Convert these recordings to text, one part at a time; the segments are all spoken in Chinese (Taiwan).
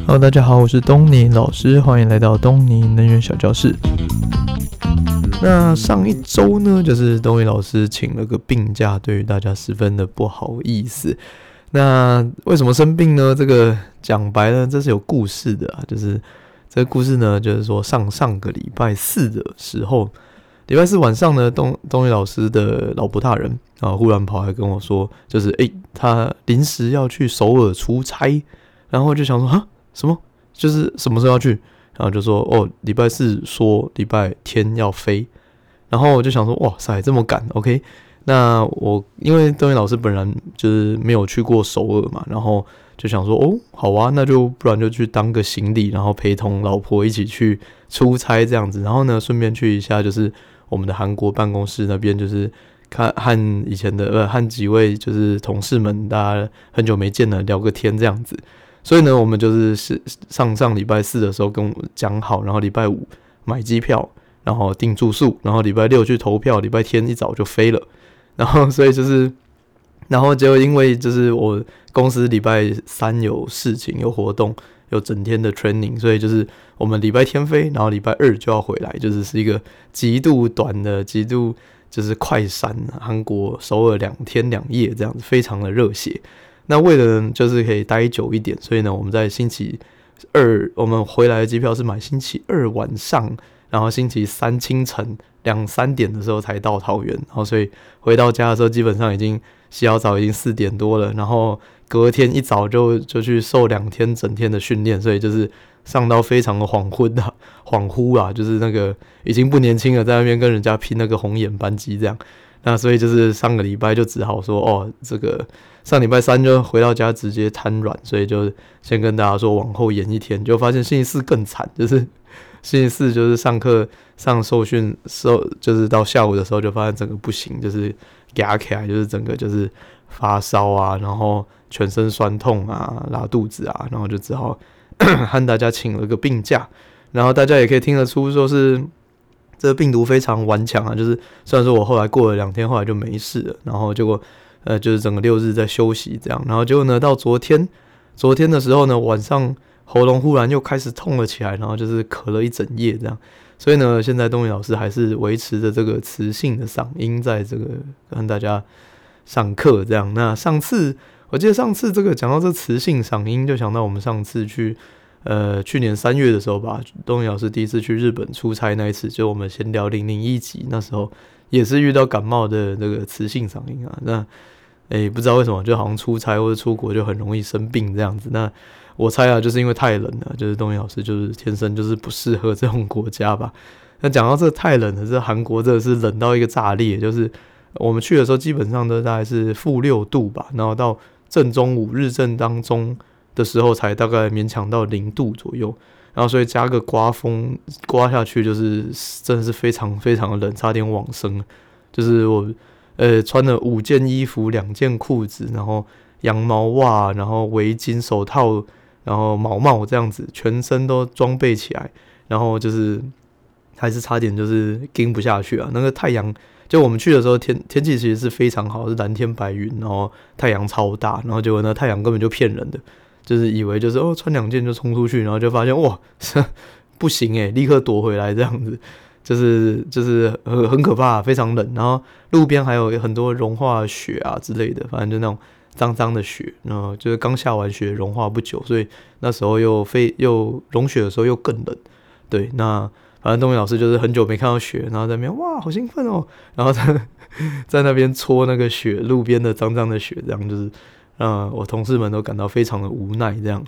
Hello，大家好，我是東尼老師，歡迎來到東尼能源小教室。那上一周呢，就是東尼老師請了個病假，對於大家十分的不好意思。那為什麼生病呢？這個講白了，這是有故事的啊。就是這個故事呢，就是說上上個禮拜四的時候，禮拜四晚上呢，東東尼老師的老婆大人啊，然忽然跑來跟我說，就是誒、欸，他臨時要去首爾出差。然後就想說啊，什麼就是什麼時候要去？然後就說哦，禮拜四說禮拜天要飛。然後我就想說哇塞，這麼趕，OK？那我因為東尼老師本人就是沒有去過首爾嘛，然後就想說哦，好啊，那就不然就去當個行李，然後陪同老婆一起去出差這樣子。然後呢，順便去一下就是我們的韓國辦公室那邊，就是看和以前的呃，和幾位就是同事們，大家很久沒見了，聊個天這樣子。所以呢，我們就是上上禮拜四的時候跟我講好，然後禮拜五買機票，然後訂住宿，然後禮拜六去投票，禮拜天一早就飛了。然後，所以就是，然後就因為就是我公司禮拜三有事情，有活動，有整天的 training，所以就是我們禮拜天飛，然後禮拜二就要回來，就是是一個極度短的、極度就是快閃韓國首爾兩天兩夜這樣子，非常的熱血。那為了就是可以待久一點，所以呢，我們在星期二我們回來的機票是買星期二晚上，然後星期三清晨兩三點的時候才到桃園，然後所以回到家的時候基本上已經洗好澡，澡，已經四點多了，然後隔天一早就就去受兩天整天的訓練，所以就是上到非常的恍惚啊，恍惚啊，就是那個已經不年輕了，在那邊跟人家拼那個紅眼班機這樣。那所以就是上個禮拜就只好說哦，這個上禮拜三就回到家直接癱軟，所以就先跟大家說往後延一天。就發現星期四更慘，就是星期四就是上課上受訓受，就是到下午的時候就發現整個不行，就是起疼，就是整個就是發燒啊，然後全身酸痛啊，拉肚子啊，然後就只好 和大家請了個病假。然後大家也可以聽得出，說是。這個病毒非常頑強啊！就是雖然說我後來過了兩天，後來就沒事了，然後結果呃，就是整個六日在休息這樣，然後結果呢，到昨天，昨天的時候呢，晚上喉嚨忽然又開始痛了起來，然後就是咳了一整夜這樣，所以呢，現在東尼老師還是維持着這個磁性的嗓音，在這個跟大家上課這樣。那上次我記得上次這個講到這磁性嗓音，就想到我們上次去。呃，去年三月的時候吧，東尼老師第一次去日本出差那一次，就我們閒聊零零一集那時候，也是遇到感冒的那個磁性嗓音啊。那哎、欸，不知道為什麼，就好像出差或者出國就很容易生病這樣子。那我猜啊，就是因為太冷了，就是東尼老師就是天生就是不適合這種國家吧。那講到這個太冷了，這韓國真的是冷到一個炸裂，就是我們去的時候基本上都大概是負六度吧，然後到正中午日正當中。的時候才大概勉強到零度左右，然後所以加個刮風，刮下去就是真的是非常非常冷，差點往生。就是我呃、欸、穿了五件衣服，兩件褲子，然後羊毛襪，然後圍巾、手套，然後毛帽這樣子，全身都裝備起來，然後就是還是差點就是撐不下去啊。那個太陽就我們去的時候天天氣其實是非常好，是藍天白雲，然後太陽超大，然後結果那太陽根本就騙人的。就是以為就是哦，穿兩件就衝出去，然後就發現哇，不行誒，立刻躲回來這樣子，就是就是很很可怕啊，非常冷。然後路邊還有很多融化雪啊之類的，反正就那種髒脏的雪，然後就是剛下完雪，融化不久，所以那時候又非又融雪的時候又更冷。對，那反正東尼老師就是很久沒看到雪，然後在那邊哇，好興奮哦，然後在在那邊搓那個雪，路邊的髒脏的雪，這樣就是。嗯、呃，我同事們都感到非常的無奈，這樣。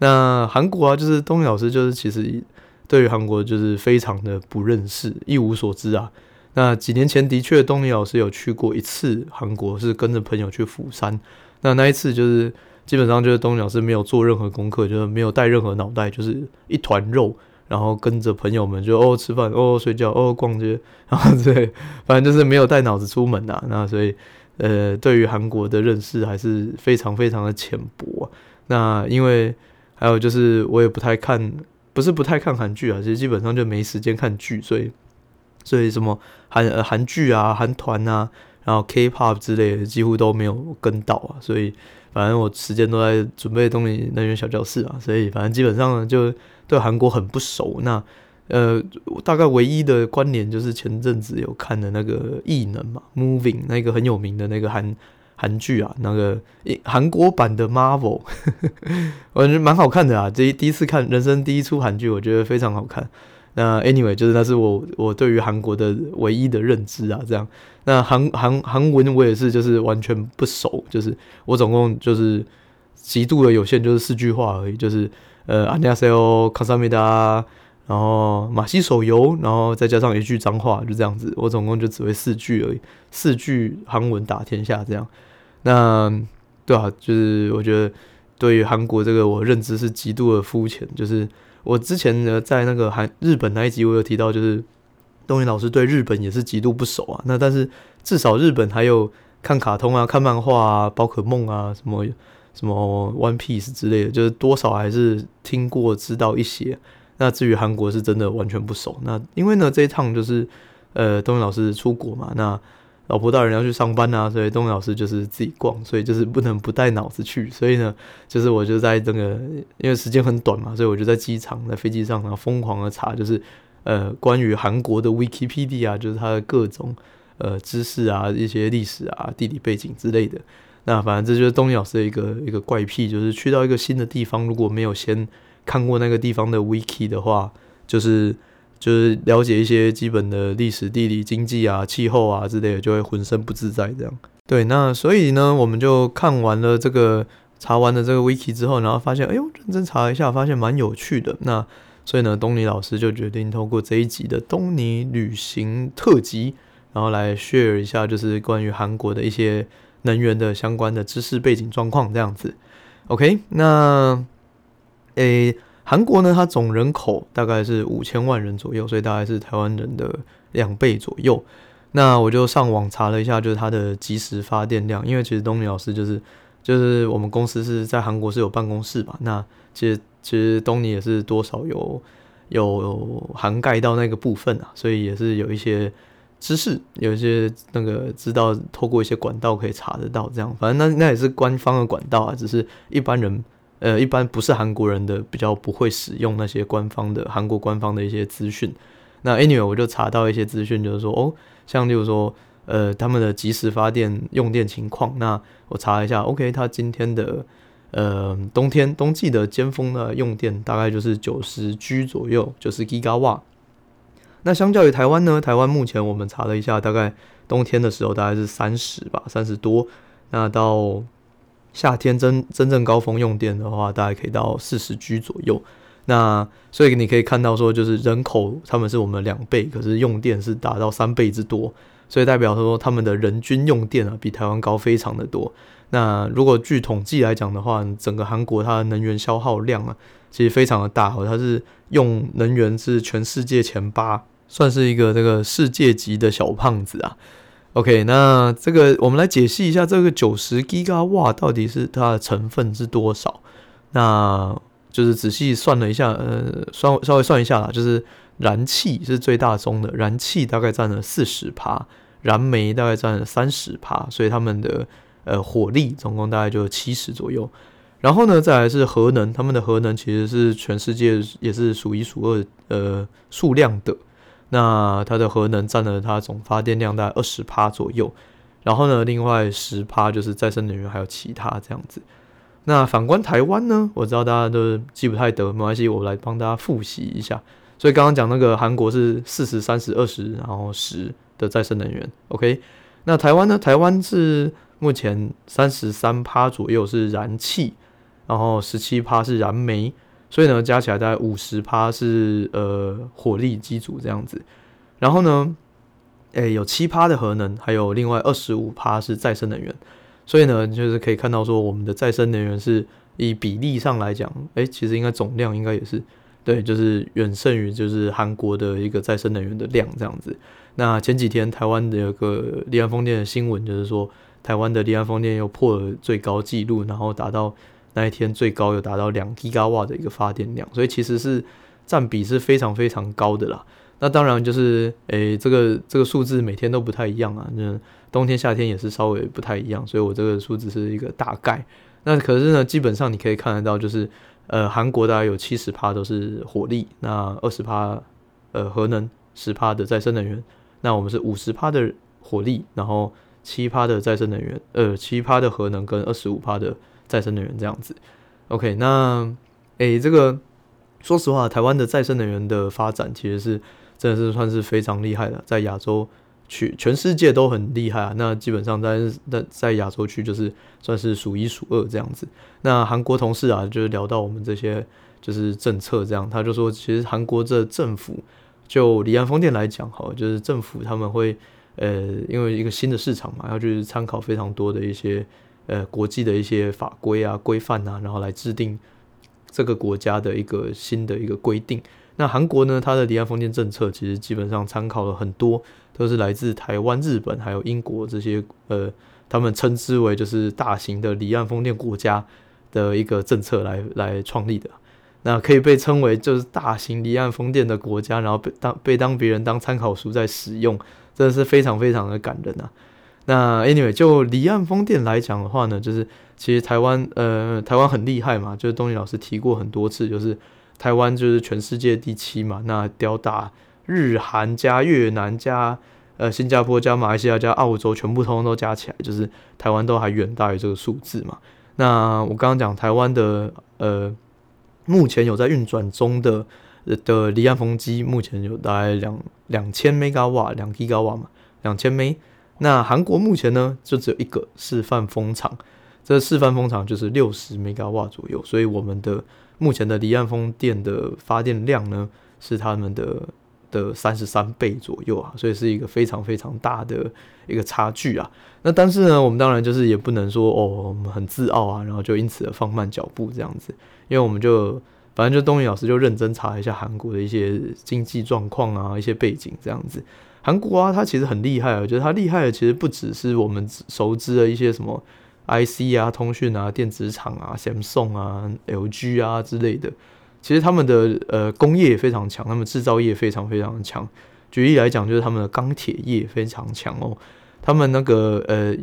那韓國啊，就是東尼老師，就是其實對於韓國就是非常的不認識，一無所知啊。那幾年前的確，東尼老師有去過一次韓國，是跟着朋友去釜山。那那一次就是基本上就是東尼老師沒有做任何功課，就是沒有帶任何腦袋，就是一團肉，然後跟着朋友們就哦吃飯，哦睡覺，哦逛街，然後對，反正就是沒有帶腦子出門的、啊。那所以。呃，對於韓國的認識還是非常非常的淺薄、啊。那因為還有就是，我也不太看，不是不太看韓劇啊，其實基本上就沒時間看劇，所以所以什麼韓、呃、韓劇啊、韓團啊，然後 K-pop 之類的，幾乎都沒有跟到啊。所以反正我時間都在準備東尼那些小教室啊。所以反正基本上就對韓國很不熟。那。呃，我大概唯一的關聯就是前陣子有看的那個異能嘛，Moving 那個很有名的那個韓韓劇啊，那個、欸、韓國版的 Marvel， 我覺得蠻好看的啊。這第一次看，人生第一出韓劇，我覺得非常好看。那 Anyway，就是那是我我對於韓國的唯一的認知啊。這樣，那韓韓韓文我也是就是完全不熟，就是我總共就是極度的有限，就是四句話而已。就是呃，안녕하세요，卡薩米達。然後馬西手游，然後再加上一句髒話，就這樣子。我總共就只會四句而已，四句韓文打天下這樣。那對啊，就是我覺得對於韓國這個，我認知是極度的膚淺。就是我之前呢，在那個韓日本那一集，我有提到，就是東尼老師對日本也是極度不熟啊。那但是至少日本還有看卡通啊、看漫畫啊、寶可夢啊、什麼什麼 One Piece 之類的，就是多少還是聽過知道一些。那至於韓國是真的完全不熟，那因為呢這一趟就是，呃，東尼老師出國嘛，那老婆大人要去上班啊，所以東尼老師就是自己逛，所以就是不能不帶腦子去，所以呢，就是我就在這，那個因為時間很短嘛，所以我就在機場在飛機上然後瘋狂的查，就是呃關於韓國的 Wikipedia 啊，就是它的各種呃知識啊、一些歷史啊、地理背景之類的。那反正這就是東尼老師的一個一個怪癖，就是去到一個新的地方，如果沒有先看過那個地方的 wiki 的話，就是就是了解一些基本的歷史、地理、經濟啊、氣候啊之類的，就會渾身不自在這樣。對，那所以呢，我們就看完了這個查完了這個 wiki 之後，然後發現，哎呦，認真查一下，發現蠻有趣的。那所以呢，東尼老師就決定透過這一集的東尼旅行特輯，然後來 share 一下，就是關於韓國的一些能源的相關的知識背景狀況這樣子。OK，那。誒，韓國呢，它總人口大概是五千萬人左右，所以大概是台灣人的兩倍左右。那我就上網查了一下，就是它的即時發電量。因為其實東尼老師就是就是我們公司是在韓國是有辦公室吧？那其實其實東尼也是多少有有，有涵蓋到那個部分啊，所以也是有一些知識，有一些那個知道透過一些管道可以查得到。這樣，反正那那也是官方的管道啊，只是一般人，呃，一般不是韓國人的比較不會使用那些官方的韓國官方的一些資訊。那 Anyway，我就查到一些資訊，就是說，哦，像例如說，呃，他們的即時發電用電情況。那我查了一下，OK，他今天的呃冬天冬季的尖峰的用電大概就是九十 G 左右，就是 Giga 瓦。那相較於台灣呢？台灣目前我們查了一下，大概冬天的時候大概是三十吧，三十多。那到夏天真真正高峰用電的話，大概可以到四十 G 左右。那所以你可以看到說，就是人口他們是我們兩倍，可是用電是達到三倍之多，所以代表說他們的人均用電啊，比台灣高非常的多。那如果據統計來講的話，整個韓國它的能源消耗量啊，其實非常的大，哦，它是用能源是全世界前八，算是一個這個世界級的小胖子啊。OK，那這個我們來解析一下這個九十 Giga 瓦，到底是它的成分是多少？那就是仔細算了一下，呃，稍稍微算一下啦，就是燃氣是最大宗的，燃氣大概佔了四十趴，燃煤大概佔了三十趴，所以他們的呃火力總共大概就七十左右。然後呢，再來是核能，他們的核能其實是全世界也是數一數二呃數量的。那它的核能占了它總發電量大概二十趴左右，然後呢，另外十趴就是再生能源還有其他這樣子。那反觀台灣呢，我知道大家都記不太得，沒關係，我來幫大家複習一下。所以剛剛講那個韓國是四十三十二十，然後十的再生能源。OK，那台灣呢？台灣是目前三十三趴左右是燃氣，然後十七趴是燃煤。所以呢，加起來大概五十趴是呃火力機組這樣子，然後呢，誒、欸、有七趴的核能，還有另外二十五趴是再生能源。所以呢，就是可以看到說，我們的再生能源是以比例上來講，誒、欸、其實應該總量應該也是對，就是遠勝於就是韓國的一個再生能源的量這樣子。那前幾天台灣的有個離岸風電的新聞，就是說台灣的離岸風電又破了最高紀錄，然後達到。那一天最高有達到兩吉瓦的一個發電量，所以其實是占比是非常非常高的啦。那當然就是，誒、欸，這個這個數字每天都不太一樣啊，那、就是、冬天夏天也是稍微不太一樣，所以我這個數字是一個大概。那可是呢，基本上你可以看得到，就是，呃，韓國大概有七十趴都是火力，那二十趴呃，核能，十趴的再生能源，那我們是五十趴的火力，然後七趴的再生能源，呃，七趴的核能跟二十五趴的。再生能源這樣子，OK，那誒、欸，這個說實話，台灣的再生能源的發展其實是真的是算是非常厲害的，在亞洲區、全世界都很厲害啊。那基本上在在在亞洲區就是算是數一數二這樣子。那韓國同事啊，就是聊到我們這些就是政策這樣，他就說，其實韓國這政府就離岸風電來講，哈，就是政府他們會呃、欸，因為一個新的市場嘛，要就是參考非常多的一些。呃，國際的一些法規啊、規範啊，然後來制定這個國家的一個新的一個規定。那韓國呢，它的離岸風電政策其實基本上參考了很多，都是來自台灣、日本還有英國這些呃，他們稱之為就是大型的離岸風電國家的一個政策來來創立的。那可以被稱為就是大型離岸風電的國家，然後被當被當別人當參考書在使用，真的是非常非常的感人啊。那 anyway，就離岸風電來講的話呢，就是其實台灣呃，台灣很厲害嘛，就是東尼老師提過很多次，就是台灣就是全世界第七嘛。那吊打日韓加越南加呃，新加坡加馬來西亞加澳洲，全部通通都加起來，就是台灣都還遠大於這個數字嘛。那我剛剛講台灣的呃，目前有在運轉中的的離岸風機，目前有大概兩兩千 megawatt，兩 gigawatt 嘛，兩千 m 那韓國目前呢，就只有一個示範風場，這示範風場就是六十兆瓦左右，所以我們的目前的離岸風電的發電量呢，是他們的的三十三倍左右啊，所以是一個非常非常大的一個差距啊。那但是呢，我們當然就是也不能說哦，我們很自傲啊，然後就因此而放慢腳步這樣子，因為我們就反正就東尼老師就認真查了一下韓國的一些經濟狀況啊，一些背景這樣子。韓國啊，它其實很厲害。我覺得它厲害的其實不只是我們熟知的一些什麼 IC 啊、通訊啊、電子廠啊、Samsung 啊、LG 啊之類的。其實他們的呃工業也非常強，他們製造業非常非常的強。舉例來講，就是他們的鋼鐵業非常強哦。他們那個呃，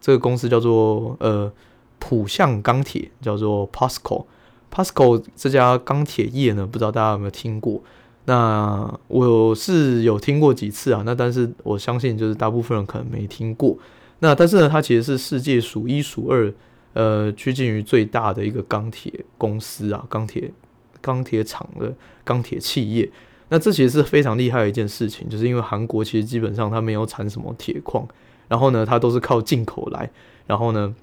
這個公司叫做呃浦項鋼鐵，叫做 POSCO。POSCO 這家鋼鐵業呢，不知道大家有沒有聽過？那我是有聽過幾次啊，那但是我相信就是大部分人可能沒聽過。那但是呢，它其實是世界數一數二，呃，趨近於最大的一個鋼鐵公司啊，鋼鐵鋼鐵廠的鋼鐵企業。那這其實是非常厲害的一件事情，就是因為韓國其實基本上它沒有產什麼鐵礦，然後呢，它都是靠進口來，然後呢，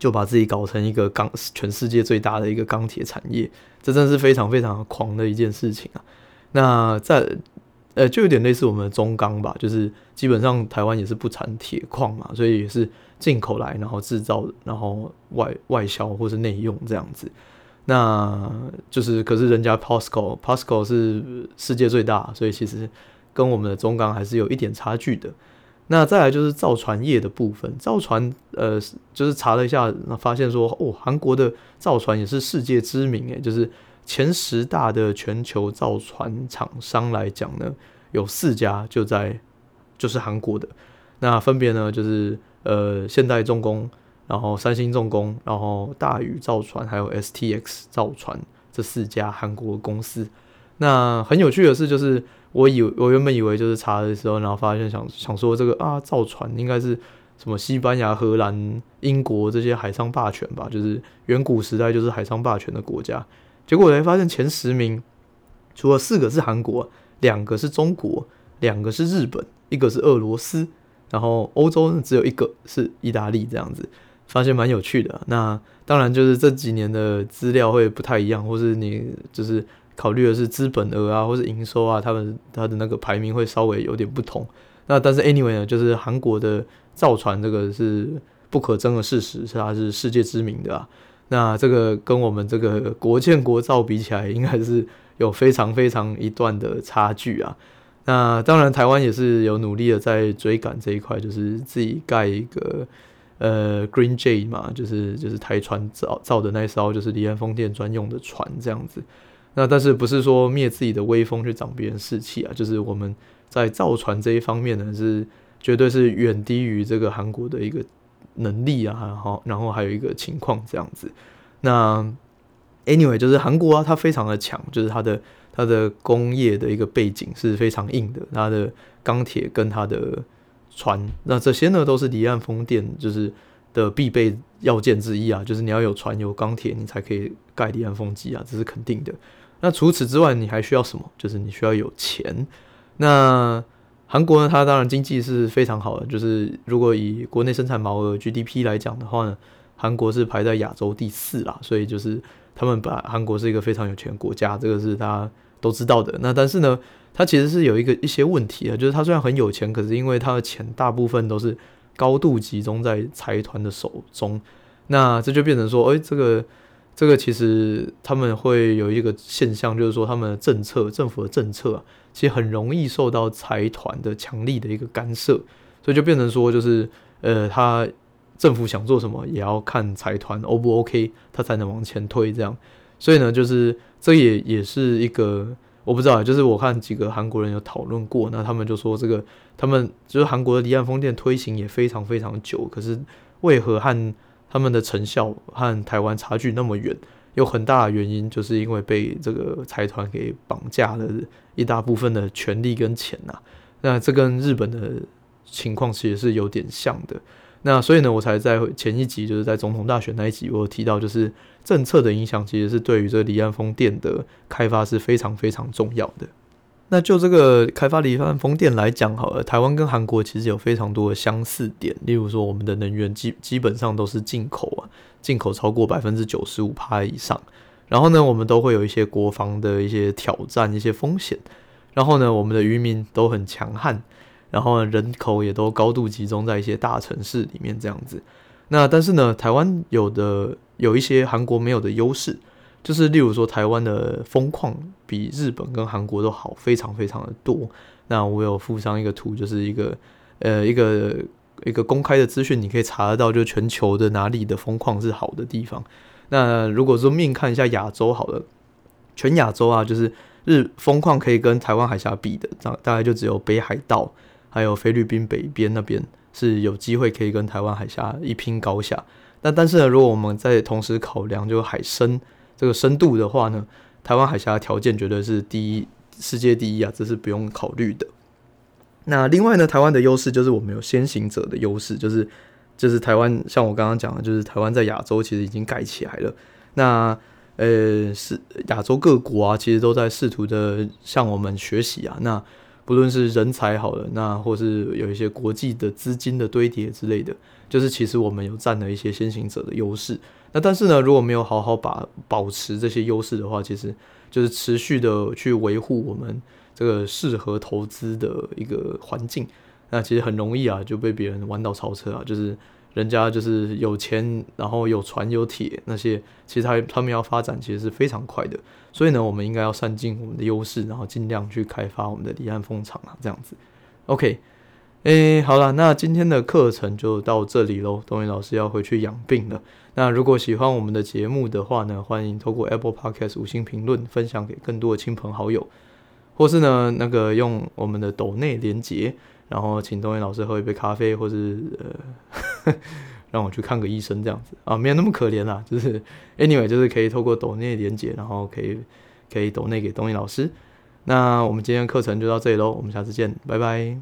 就把自己搞成一個鋼，全世界最大的一個鋼鐵產業，這真是非常非常狂的一件事情啊。那在，呃，就有點類似我們的中鋼吧，就是基本上台灣也是不產鐵礦嘛，所以也是進口來，然後製造，然後外外銷或是內用這樣子。那就是，可是人家 POSCO POSCO 是世界最大，所以其實跟我們的中鋼還是有一點差距的。那再來就是造船業的部分，造船，呃，就是查了一下，發現說，哦，韓國的造船也是世界知名、欸，誒，就是。前十大的全球造船廠商來講呢，有四家就在就是韓國的，那分別呢就是呃現代重工，然後三星重工，然後大宇造船，還有 STX 造船這四家韓國的公司。那很有趣的事就是，我以我原本以為就是查的時候，然後發現想想說這個啊造船應該是什麼西班牙、荷蘭、英國這些海上霸權吧，就是遠古時代就是海上霸權的國家。結果才發現前十名，除了四個是韓國，兩個是中國，兩個是日本，一個是俄羅斯，然後歐洲呢，只有一個是意大利，這樣子，發現蠻有趣的啊。那當然就是這幾年的資料會不太一樣，或是你就是考慮的是資本額啊，或是營收啊，他們他的那個排名會稍微有點不同。那但是 anyway 呢，就是韓國的造船這個是不可爭的事實，是它是世界知名的啊。那這個跟我們這個國建國造比起來，應該是有非常非常一段的差距啊。那當然，台灣也是有努力的在追趕這一塊，就是自己蓋一個呃 Green Jade 嘛，就是就是台船造造的那艘就是離岸風電專用的船這樣子。那但是不是說滅自己的威風去長別人士氣啊？就是我們在造船這一方面呢，是絕對是遠低於這個韓國的一個。能力啊，然，然後還有一個情況這樣子。那 anyway 就是韓國啊，它非常的強，就是它的它的工業的一個背景是非常硬的。它的鋼鐵跟它的船，那這些呢都是離岸風電就是的必備要件之一啊，就是你要有船有鋼鐵，你才可以蓋離岸風機啊，這是肯定的。那除此之外，你還需要什麼？就是你需要有錢。那韓國呢，它當然經濟是非常好的，就是如果以國內生產毛額 GDP 來講的話呢，韓國是排在亞洲第四啦，所以就是他們把韓國是一個非常有錢國家，這個是大家都知道的。那但是呢，它其實是有一個一些問題的，就是它雖然很有錢，可是因為它的錢大部分都是高度集中在財團的手中，那這就變成說，哎、欸，這個。這個其實他們會有一個現象，就是說他們的政策、政府的政策啊，其實很容易受到財團的強力的一個干涉，所以就變成說，就是呃，他政府想做什麼，也要看財團 O 不 OK，他才能往前推這樣。所以呢，就是這也也是一個我不知道，就是我看幾個韓國人有討論過，那他們就說這個，他們就是韓國的離岸風電推行也非常非常久，可是為何和，和他們的成效和台灣差距那麼遠，有很大的原因就是因為被這個財團給綁架了一大部分的權利跟錢吶、啊。那這跟日本的情況其實是有點像的。那所以呢，我才在前一集就是在總統大選那一集，我有提到就是政策的影響，其實是對於這離岸風電的開發是非常非常重要的。那就這個開發離岸風電來講好了，台灣跟韓國其實有非常多的相似點，例如說我們的能源基基本上都是進口啊，進口超過百分之九十五趴以上。然後呢，我們都會有一些國防的一些挑戰、一些風險。然後呢，我們的漁民都很強悍，然後人口也都高度集中在一些大城市裡面這樣子。那但是呢，台灣有的有一些韓國沒有的優勢。就是例如說，台灣的風況比日本跟韓國都好，非常非常的多。那我有附上一個圖，就是一個呃一個一個公開的資訊，你可以查得到，就全球的哪裡的風況是好的地方。那如果 zoom in 看一下亞洲好了，全亞洲啊，就是日風況可以跟台灣海峽比的，大大概就只有北海道還有菲律賓北邊那邊是有機會可以跟台灣海峽一拼高下。但但是呢，如果我們在同時考量，就海深。這個深度的話呢，台灣海峽條件絕對是第一，世界第一啊，這是不用考慮的。那另外呢，台灣的優勢就是我們有先行者的優勢，就是就是台灣像我剛剛講的，就是台灣在亞洲其實已經蓋起來了。那呃，是亞洲各國啊，其實都在試圖的向我們學習啊。那不論是人才好了，那或是有一些國際的資金的堆疊之類的。就是其實我們有占了一些先行者的優勢，那但是呢，如果沒有好好把保持這些優勢的話，其實就是持續的去維護我們這個適合投資的一個環境，那其實很容易啊就被別人彎道超車啊，就是人家就是有錢，然後有船有鐵那些，其實他他們要發展其實是非常快的，所以呢，我們應該要善盡我們的優勢，然後盡量去開發我們的離岸風場啊，這樣子，OK。哎，好了，那今天的課程就到這裡嘍。東尼老師要回去養病了。那如果喜歡我們的節目的話呢，歡迎透過 Apple Podcast 五星評論分享給更多的親朋好友，或是呢，那個用我們的抖內連接，然後請東尼老師喝一杯咖啡，或是呃， 讓我去看個醫生這樣子啊，沒有那麼可憐啦，就是 anyway，就是可以透過抖內連接，然後可以可以抖內給東尼老師。那我們今天的課程就到這裡嘍，我們下次見，拜拜。